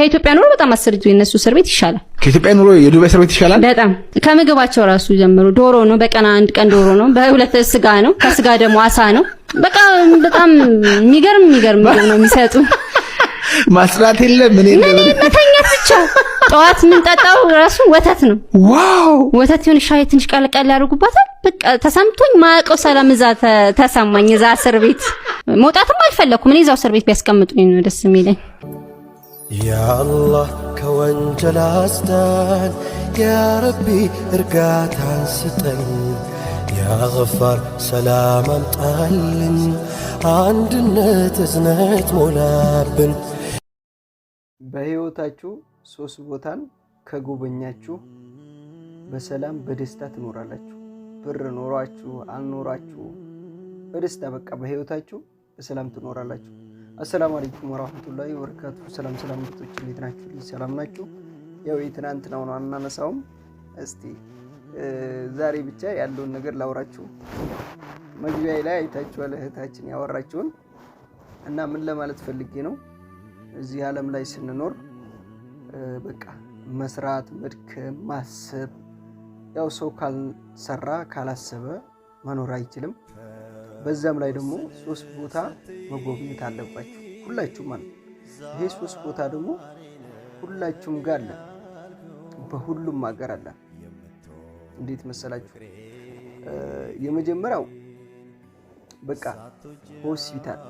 ከኢትዮጵያ ኑሮ በጣም አሰርጁ የነሱ እስር ቤት ይሻላል። ከኢትዮጵያ ኑሮ የዱባይ እስር ቤት ይሻላል። በጣም ከምግባቸው ራሱ ጀምሮ ዶሮ ነው፣ በቀን አንድ ቀን ዶሮ ነው፣ በሁለት ስጋ ነው፣ ከስጋ ደግሞ አሳ ነው። በቃ በጣም የሚገርም የሚገርም ነው የሚሰጡ ማስራት የለም ምን ምን መተኛት ብቻ። ጠዋት የምንጠጣው ራሱ ወተት ነው። ዋው ወተት ይሁን ሻይ ትንሽ ቀልቀል ያደርጉባታል። በቃ ተሰምቶኝ ማቀው ሰላም እዛ ተሰማኝ። እዛ እስር ቤት መውጣትም አልፈለኩም። እኔ እዛው እስር ቤት ቢያስቀምጡኝ ነው ደስ የሚለኝ። ያአላህ ከወንጀል አስዳን፣ ያረቢ እርጋታን ስጠን፣ ያገፋር ሰላም አምጣልን፣ አንድነት እዝነት ሞላብን። በሕይወታችሁ ሶስት ቦታን ከጎበኛችሁ በሰላም በደስታ ትኖራላችሁ። ብር ኖሯችሁ አልኖራችሁ በደስታ በቃ በሕይወታችሁ በሰላም ትኖራላችሁ። አሰላሙ አለይኩም ወራህመቱላሂ ወበረካቱ። ሰላም ሰላም ምርጦች እንዴት ናችሁ? ሰላም ናችሁ? ያው የትናንት ነው አናነሳውም። እስቲ ዛሬ ብቻ ያለውን ነገር ላውራችሁ። መግቢያ ላይ አይታችኋል እህታችን ያወራችሁን እና ምን ለማለት ፈልጌ ነው እዚህ ዓለም ላይ ስንኖር በቃ መስራት፣ መድከም፣ ማሰብ ያው ሰው ካልሰራ ካላሰበ መኖር አይችልም። በዛም ላይ ደግሞ ሶስት ቦታ መጎብኘት አለባችሁ ሁላችሁም ማለት ይሄ ሶስት ቦታ ደግሞ ሁላችሁም ጋር አለ፣ በሁሉም ሀገር አለ። እንዴት መሰላችሁ? የመጀመሪያው በቃ ሆስፒታል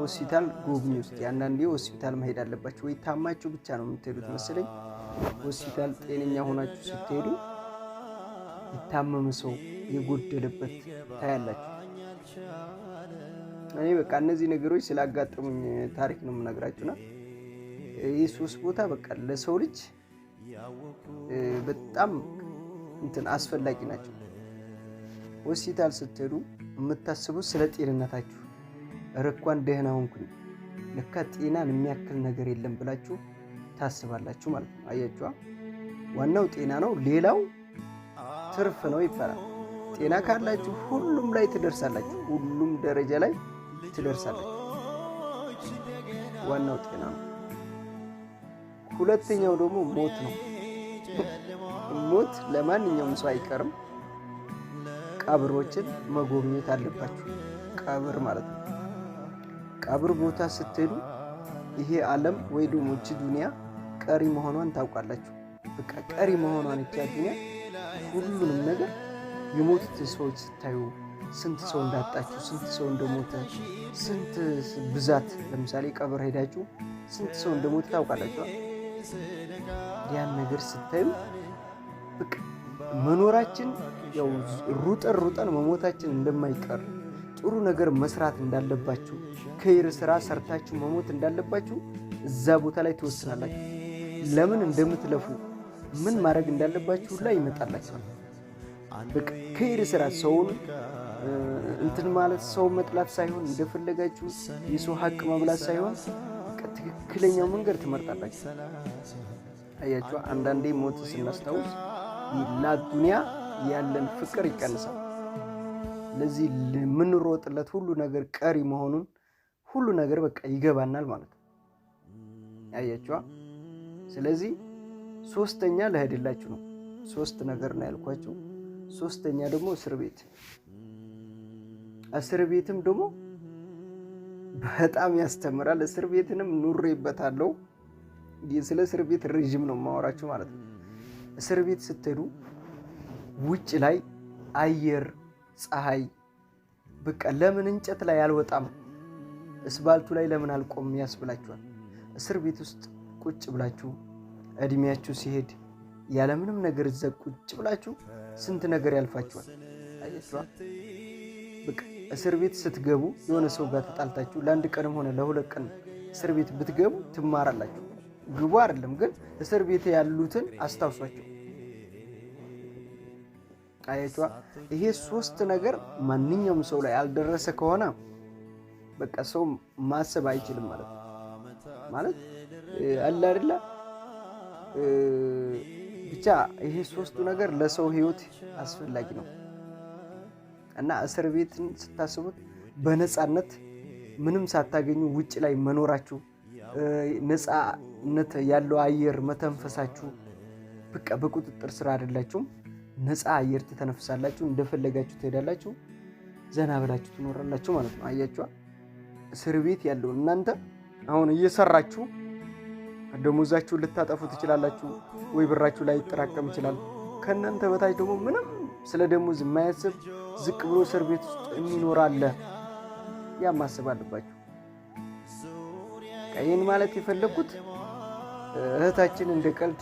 ሆስፒታል ጎብኝ ውስጥ አንዳንዴ ሆስፒታል መሄድ አለባችሁ። ወይ ታማችሁ ብቻ ነው የምትሄዱት መሰለኝ። ሆስፒታል ጤነኛ ሆናችሁ ስትሄዱ የታመመ ሰው የጎደለበት ታያላችሁ። እኔ በቃ እነዚህ ነገሮች ስላጋጠሙኝ ታሪክ ነው የምነግራችሁና ይህ ሶስት ቦታ በቃ ለሰው ልጅ በጣም እንትን አስፈላጊ ናቸው። ሆስፒታል ስትሄዱ የምታስቡት ስለ ጤንነታችሁ፣ እረ እንኳን ደህና ሆንኩኝ ለካ ጤናን የሚያክል ነገር የለም ብላችሁ ታስባላችሁ ማለት ነው። አያችኋ፣ ዋናው ጤና ነው፣ ሌላው ትርፍ ነው ይባላል። ጤና ካላችሁ ሁሉም ላይ ትደርሳላችሁ። ሁሉም ደረጃ ላይ ትደርሳላችሁ። ዋናው ጤና ነው። ሁለተኛው ደግሞ ሞት ነው። ሞት ለማንኛውም ሰው አይቀርም። ቀብሮችን መጎብኘት አለባችሁ። ቀብር ማለት ነው። ቀብር ቦታ ስትሄዱ ይሄ ዓለም ወይ ደግሞ እቺ ዱኒያ ቀሪ መሆኗን ታውቃላችሁ። በቃ ቀሪ መሆኗን እቺ ዱኒያ ሁሉንም ነገር የሞቱት ሰዎች ስታዩ ስንት ሰው እንዳጣችሁ፣ ስንት ሰው እንደሞተ፣ ስንት ብዛት ለምሳሌ ቀብር ሄዳችሁ ስንት ሰው እንደሞተ ታውቃላችኋል። ያን ነገር ስታዩ ብቅ መኖራችን ያው ሩጠን ሩጠን መሞታችን እንደማይቀር ጥሩ ነገር መስራት እንዳለባችሁ ከይር ስራ ሰርታችሁ መሞት እንዳለባችሁ እዛ ቦታ ላይ ትወስናላችሁ። ለምን እንደምትለፉ ምን ማድረግ እንዳለባችሁ ላይ ይመጣላችኋል። ከሄደ ስራ ሰውን እንትን ማለት ሰው መጥላት ሳይሆን እንደፈለጋችሁ የሰው ሀቅ መብላት ሳይሆን ትክክለኛው መንገድ ትመርጣላችሁ። አያችሁ፣ አንዳንዴ ሞት ስናስታውስ ለዱንያ ያለን ፍቅር ይቀንሳል። ለዚህ ለምንሮጥለት ሁሉ ነገር ቀሪ መሆኑን ሁሉ ነገር በቃ ይገባናል ማለት ነው። አያችሁ፣ ስለዚህ ሶስተኛ ለሄድላችሁ ነው። ሶስት ነገር ነው ያልኳችሁ። ሶስተኛ ደግሞ እስር ቤት። እስር ቤትም ደግሞ በጣም ያስተምራል። እስር ቤትንም ኑሬበታለሁ። ስለ እስር ቤት ረዥም ነው የማወራችሁ ማለት ነው። እስር ቤት ስትሄዱ ውጭ ላይ አየር፣ ፀሐይ በቃ ለምን እንጨት ላይ አልወጣም እስባልቱ ላይ ለምን አልቆም ያስብላችኋል። እስር ቤት ውስጥ ቁጭ ብላችሁ እድሜያችሁ ሲሄድ ያለምንም ነገር እዛ ቁጭ ብላችሁ ስንት ነገር ያልፋችኋል። እስር ቤት ስትገቡ የሆነ ሰው ጋር ተጣልታችሁ ለአንድ ቀንም ሆነ ለሁለት ቀን እስር ቤት ብትገቡ ትማራላችሁ። ግቡ አይደለም ግን እስር ቤት ያሉትን አስታውሷቸው። አያችዋ ይሄ ሶስት ነገር ማንኛውም ሰው ላይ ያልደረሰ ከሆነ በቃ ሰው ማሰብ አይችልም ማለት ነው። ማለት አለ አይደለ ብቻ ይሄ ሶስቱ ነገር ለሰው ህይወት አስፈላጊ ነው እና እስር ቤትን ስታስቡት በነፃነት ምንም ሳታገኙ ውጭ ላይ መኖራችሁ ነፃነት ያለው አየር መተንፈሳችሁ፣ በቃ በቁጥጥር ስር አይደላችሁም። ነፃ አየር ትተነፍሳላችሁ፣ እንደፈለጋችሁ ትሄዳላችሁ፣ ዘና ብላችሁ ትኖራላችሁ ማለት ነው። አያችኋ እስር ቤት ያለው እናንተ አሁን እየሰራችሁ ደሞዛችሁን ልታጠፉ ትችላላችሁ ወይ ብራችሁ ላይ ይጠራቀም ይችላል። ከእናንተ በታች ደግሞ ምንም ስለ ደሞዝ የማያስብ ዝቅ ብሎ እስር ቤት ውስጥ የሚኖር አለ። ያ ማሰብ አለባችሁ። ይህን ማለት የፈለግኩት እህታችን እንደ ቀልድ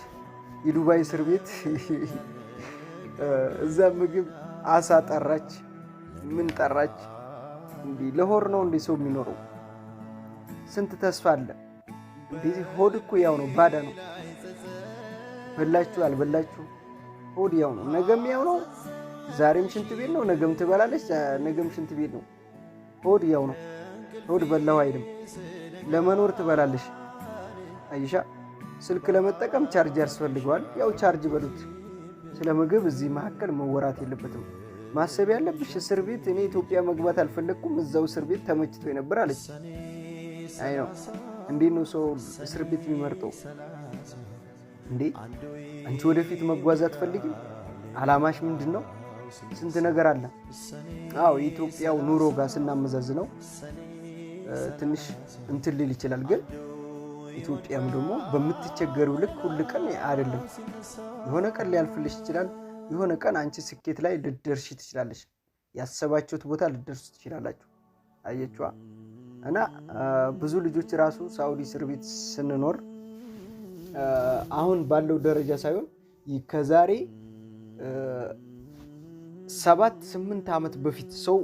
የዱባይ እስር ቤት እዛ ምግብ አሳ ጠራች፣ ምን ጠራች? እንዲህ ለሆር ነው እንዲ ሰው የሚኖረው ስንት ተስፋ አለ። እንደዚህ ሆድ እኮ ያው ነው፣ ባዳ ነው። በላችሁ አልበላችሁ ሆድ ያው ነው። ነገም ያው ነው። ዛሬም ሽንት ቤት ነው፣ ነገም ትበላለች፣ ነገም ሽንት ቤት ነው። ሆድ ያው ነው። ሆድ በላሁ አይልም። ለመኖር ትበላለሽ። አይሻ ስልክ ለመጠቀም ቻርጅ ያስፈልገዋል። ያው ቻርጅ በሉት። ስለ ምግብ እዚህ መካከል መወራት የለበትም። ማሰብ ያለብሽ እስር ቤት እኔ ኢትዮጵያ መግባት አልፈለግኩም፣ እዛው እስር ቤት ተመችቶ ነበር አለች። አይ ነው እንዴት ነው ሰው እስር ቤት የሚመርጠው? እንዴ አንቺ ወደፊት መጓዝ አትፈልጊም? አላማሽ ምንድን ነው? ስንት ነገር አለ። አዎ የኢትዮጵያው ኑሮ ጋር ስናመዛዝነው ትንሽ እንትን ሊል ይችላል፣ ግን ኢትዮጵያም ደግሞ በምትቸገሪው ልክ ሁል ቀን አይደለም። የሆነ ቀን ሊያልፍልሽ ይችላል። የሆነ ቀን አንቺ ስኬት ላይ ልደርሽ ትችላለች? ያሰባችሁት ቦታ ልደርሱ ትችላላችሁ። አየችዋ እና ብዙ ልጆች ራሱ ሳውዲ እስር ቤት ስንኖር አሁን ባለው ደረጃ ሳይሆን ከዛሬ ሰባት ስምንት ዓመት በፊት ሰው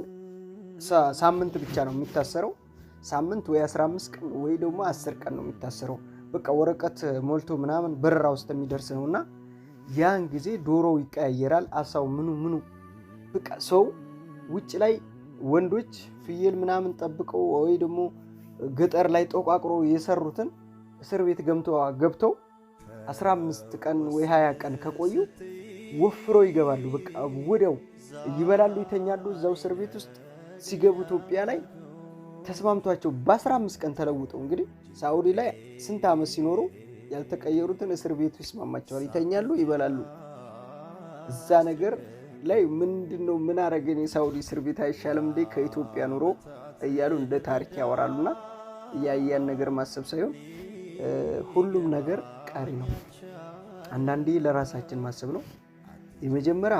ሳምንት ብቻ ነው የሚታሰረው። ሳምንት ወይ 15 ቀን ወይ ደግሞ አስር ቀን ነው የሚታሰረው። በቃ ወረቀት ሞልቶ ምናምን በረራ ውስጥ የሚደርስ ነው እና ያን ጊዜ ዶሮው ይቀያየራል፣ አሳው ምኑ ምኑ በቃ ሰው ውጭ ላይ ወንዶች ፍየል ምናምን ጠብቀው ወይ ደግሞ ገጠር ላይ ጠቋቁረው የሰሩትን እስር ቤት ገብተው 15 ቀን ወይ 20 ቀን ከቆዩ ወፍረው ይገባሉ። በቃ ወዲያው ይበላሉ፣ ይተኛሉ እዛው እስር ቤት ውስጥ ሲገቡ ኢትዮጵያ ላይ ተስማምቷቸው በ15 ቀን ተለውጠው እንግዲህ ሳውዲ ላይ ስንት ዓመት ሲኖሩ ያልተቀየሩትን እስር ቤቱ ይስማማቸዋል። ይተኛሉ፣ ይበላሉ። እዛ ነገር ላይ ምንድን ነው ምን አረገን የሳውዲ እስር ቤት አይሻልም እንዴ ከኢትዮጵያ ኑሮ እያሉ እንደ ታሪክ ያወራሉና እያያን ነገር ማሰብ ሳይሆን ሁሉም ነገር ቀሪ ነው። አንዳንዴ ለራሳችን ማሰብ ነው። የመጀመሪያ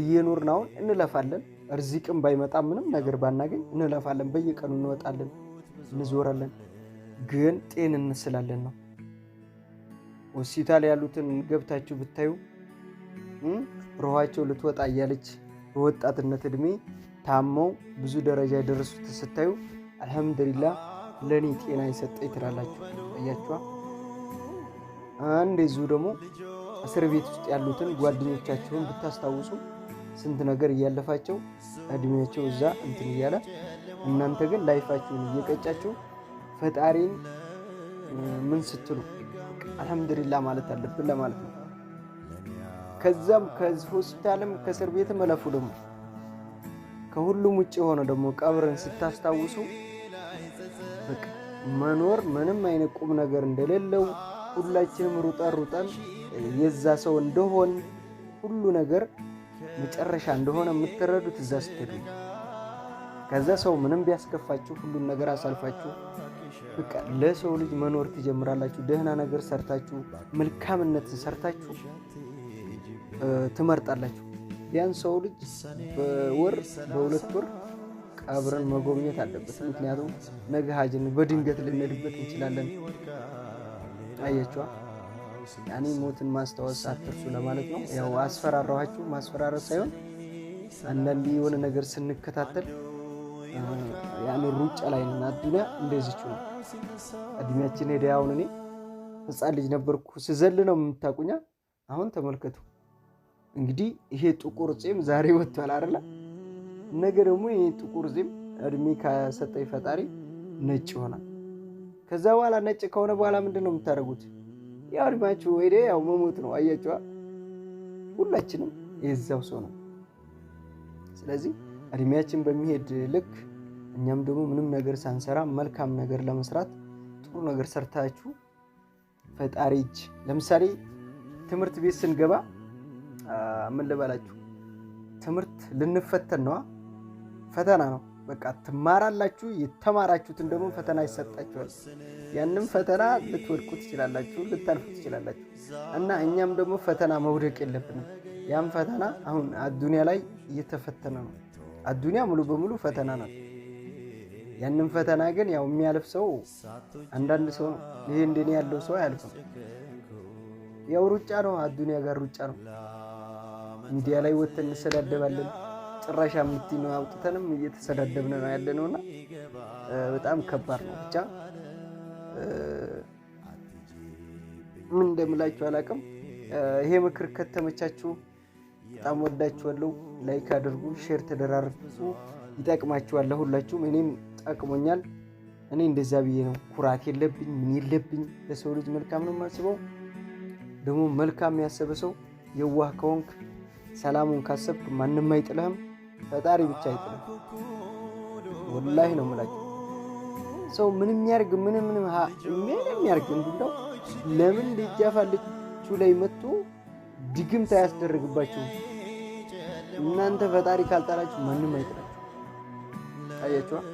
እየኖርን አሁን እንለፋለን። እርዚቅም ባይመጣ ምንም ነገር ባናገኝ እንለፋለን። በየቀኑ እንወጣለን፣ እንዞራለን። ግን ጤን እንስላለን ነው ሆስፒታል ያሉትን ገብታችሁ ብታዩ ሮኋቸው ልትወጣ እያለች በወጣትነት እድሜ ታመው ብዙ ደረጃ የደረሱት ስታዩ አልሐምዱሊላ ለእኔ ጤና የሰጠኝ ትላላችሁ። እያችኋ ዙ ደግሞ እስር ቤት ውስጥ ያሉትን ጓደኞቻቸውን ብታስታውሱ ስንት ነገር እያለፋቸው እድሜያቸው እዛ እንትን እያለ እናንተ ግን ላይፋችሁን እየቀጫችሁ ፈጣሪን ምን ስትሉ አልሐምዱሊላ ማለት አለብን ለማለት ነው። ከዛም ከሆስፒታልም ከእስር ቤትም እለፉ። ደግሞ ከሁሉም ውጭ የሆነ ደግሞ ቀብርን ስታስታውሱ መኖር ምንም አይነት ቁም ነገር እንደሌለው ሁላችንም ሩጠን ሩጠን የዛ ሰው እንደሆን ሁሉ ነገር መጨረሻ እንደሆነ የምትረዱት እዛ ስትሄዱ። ከዛ ሰው ምንም ቢያስከፋችሁ ሁሉን ነገር አሳልፋችሁ በቃ ለሰው ልጅ መኖር ትጀምራላችሁ። ደህና ነገር ሰርታችሁ መልካምነትን ሰርታችሁ ትመርጣላችሁ። ቢያንስ ሰው ልጅ በወር በሁለት ወር ቀብርን መጎብኘት አለበት። ምክንያቱም ነገ ሀጅን በድንገት ልንሄድበት እንችላለን። አያችኋ ያኔ ሞትን ማስታወስ አትርሱ ለማለት ነው። ያው አስፈራራኋችሁ፣ ማስፈራራት ሳይሆን አንዳንድ የሆነ ነገር ስንከታተል ያን ሩጫ ላይ እና አዱኒያ እንደዚች ነው። እድሜያችን ሄደ። አሁን እኔ ህፃን ልጅ ነበርኩ ስዘል ነው የምታቁኛ። አሁን ተመልከቱ። እንግዲህ ይሄ ጥቁር ፂም ዛሬ ወጥቷል አይደለ? ነገ ደግሞ ይሄ ጥቁር ፂም እድሜ ከሰጠኝ ፈጣሪ ነጭ ይሆናል። ከዛ በኋላ ነጭ ከሆነ በኋላ ምንድን ነው የምታደርጉት? ያው እድሜያችሁ ወደ ያው መሞት ነው። አያችኋ፣ ሁላችንም የዛው ሰው ነው። ስለዚህ እድሜያችን በሚሄድ ልክ እኛም ደግሞ ምንም ነገር ሳንሰራ መልካም ነገር ለመስራት ጥሩ ነገር ሰርታችሁ ፈጣሪ እጅ ለምሳሌ ትምህርት ቤት ስንገባ ምን ልበላችሁ፣ ትምህርት ልንፈተን ነዋ። ፈተና ነው በቃ ትማራላችሁ። የተማራችሁትን ደግሞ ፈተና ይሰጣችኋል። ያንም ፈተና ልትወድቁ ትችላላችሁ፣ ልታልፉ ትችላላችሁ። እና እኛም ደግሞ ፈተና መውደቅ የለብንም። ያም ፈተና አሁን አዱኒያ ላይ እየተፈተነ ነው። አዱኒያ ሙሉ በሙሉ ፈተና ናት ያንም ፈተና ግን ያው የሚያልፍ ሰው አንዳንድ ሰው ነው። ይሄ እንደኔ ያለው ሰው አያልፍም። ያው ሩጫ ነው፣ አዱኒያ ጋር ሩጫ ነው። ሚዲያ ላይ ወጥተን እንሰዳደባለን። ጭራሽ አምቲ ነው አውጥተንም እየተሰዳደብን ነው ያለ በጣም ከባድ ነው። ብቻ ምን እንደምላችሁ አላውቅም። ይሄ ምክር ከተመቻችሁ በጣም ወዳችኋለሁ። ላይክ አድርጉ፣ ሼር ተደራርጉ። ይጠቅማችኋል ለሁላችሁም እኔም ጠቅሞኛል። እኔ እንደዛ ብዬ ነው ኩራት የለብኝ ምን የለብኝ። ለሰው ልጅ መልካም ነው የማስበው። ደግሞ መልካም ያሰበ ሰው የዋህ ከሆንክ ሰላሙን ካሰብክ ማንም አይጥልህም፣ ፈጣሪ ብቻ አይጥልህ። ወላሂ ነው የምላቸው። ሰው ምንም ያርግ ምንም ምንም ያርግ እንዲለው ለምን ልጃፋለችሁ ላይ መጥቶ ድግምት አያስደርግባችሁም? እናንተ ፈጣሪ ካልጣላችሁ ማንም አይጥላችሁ። ታያችኋል።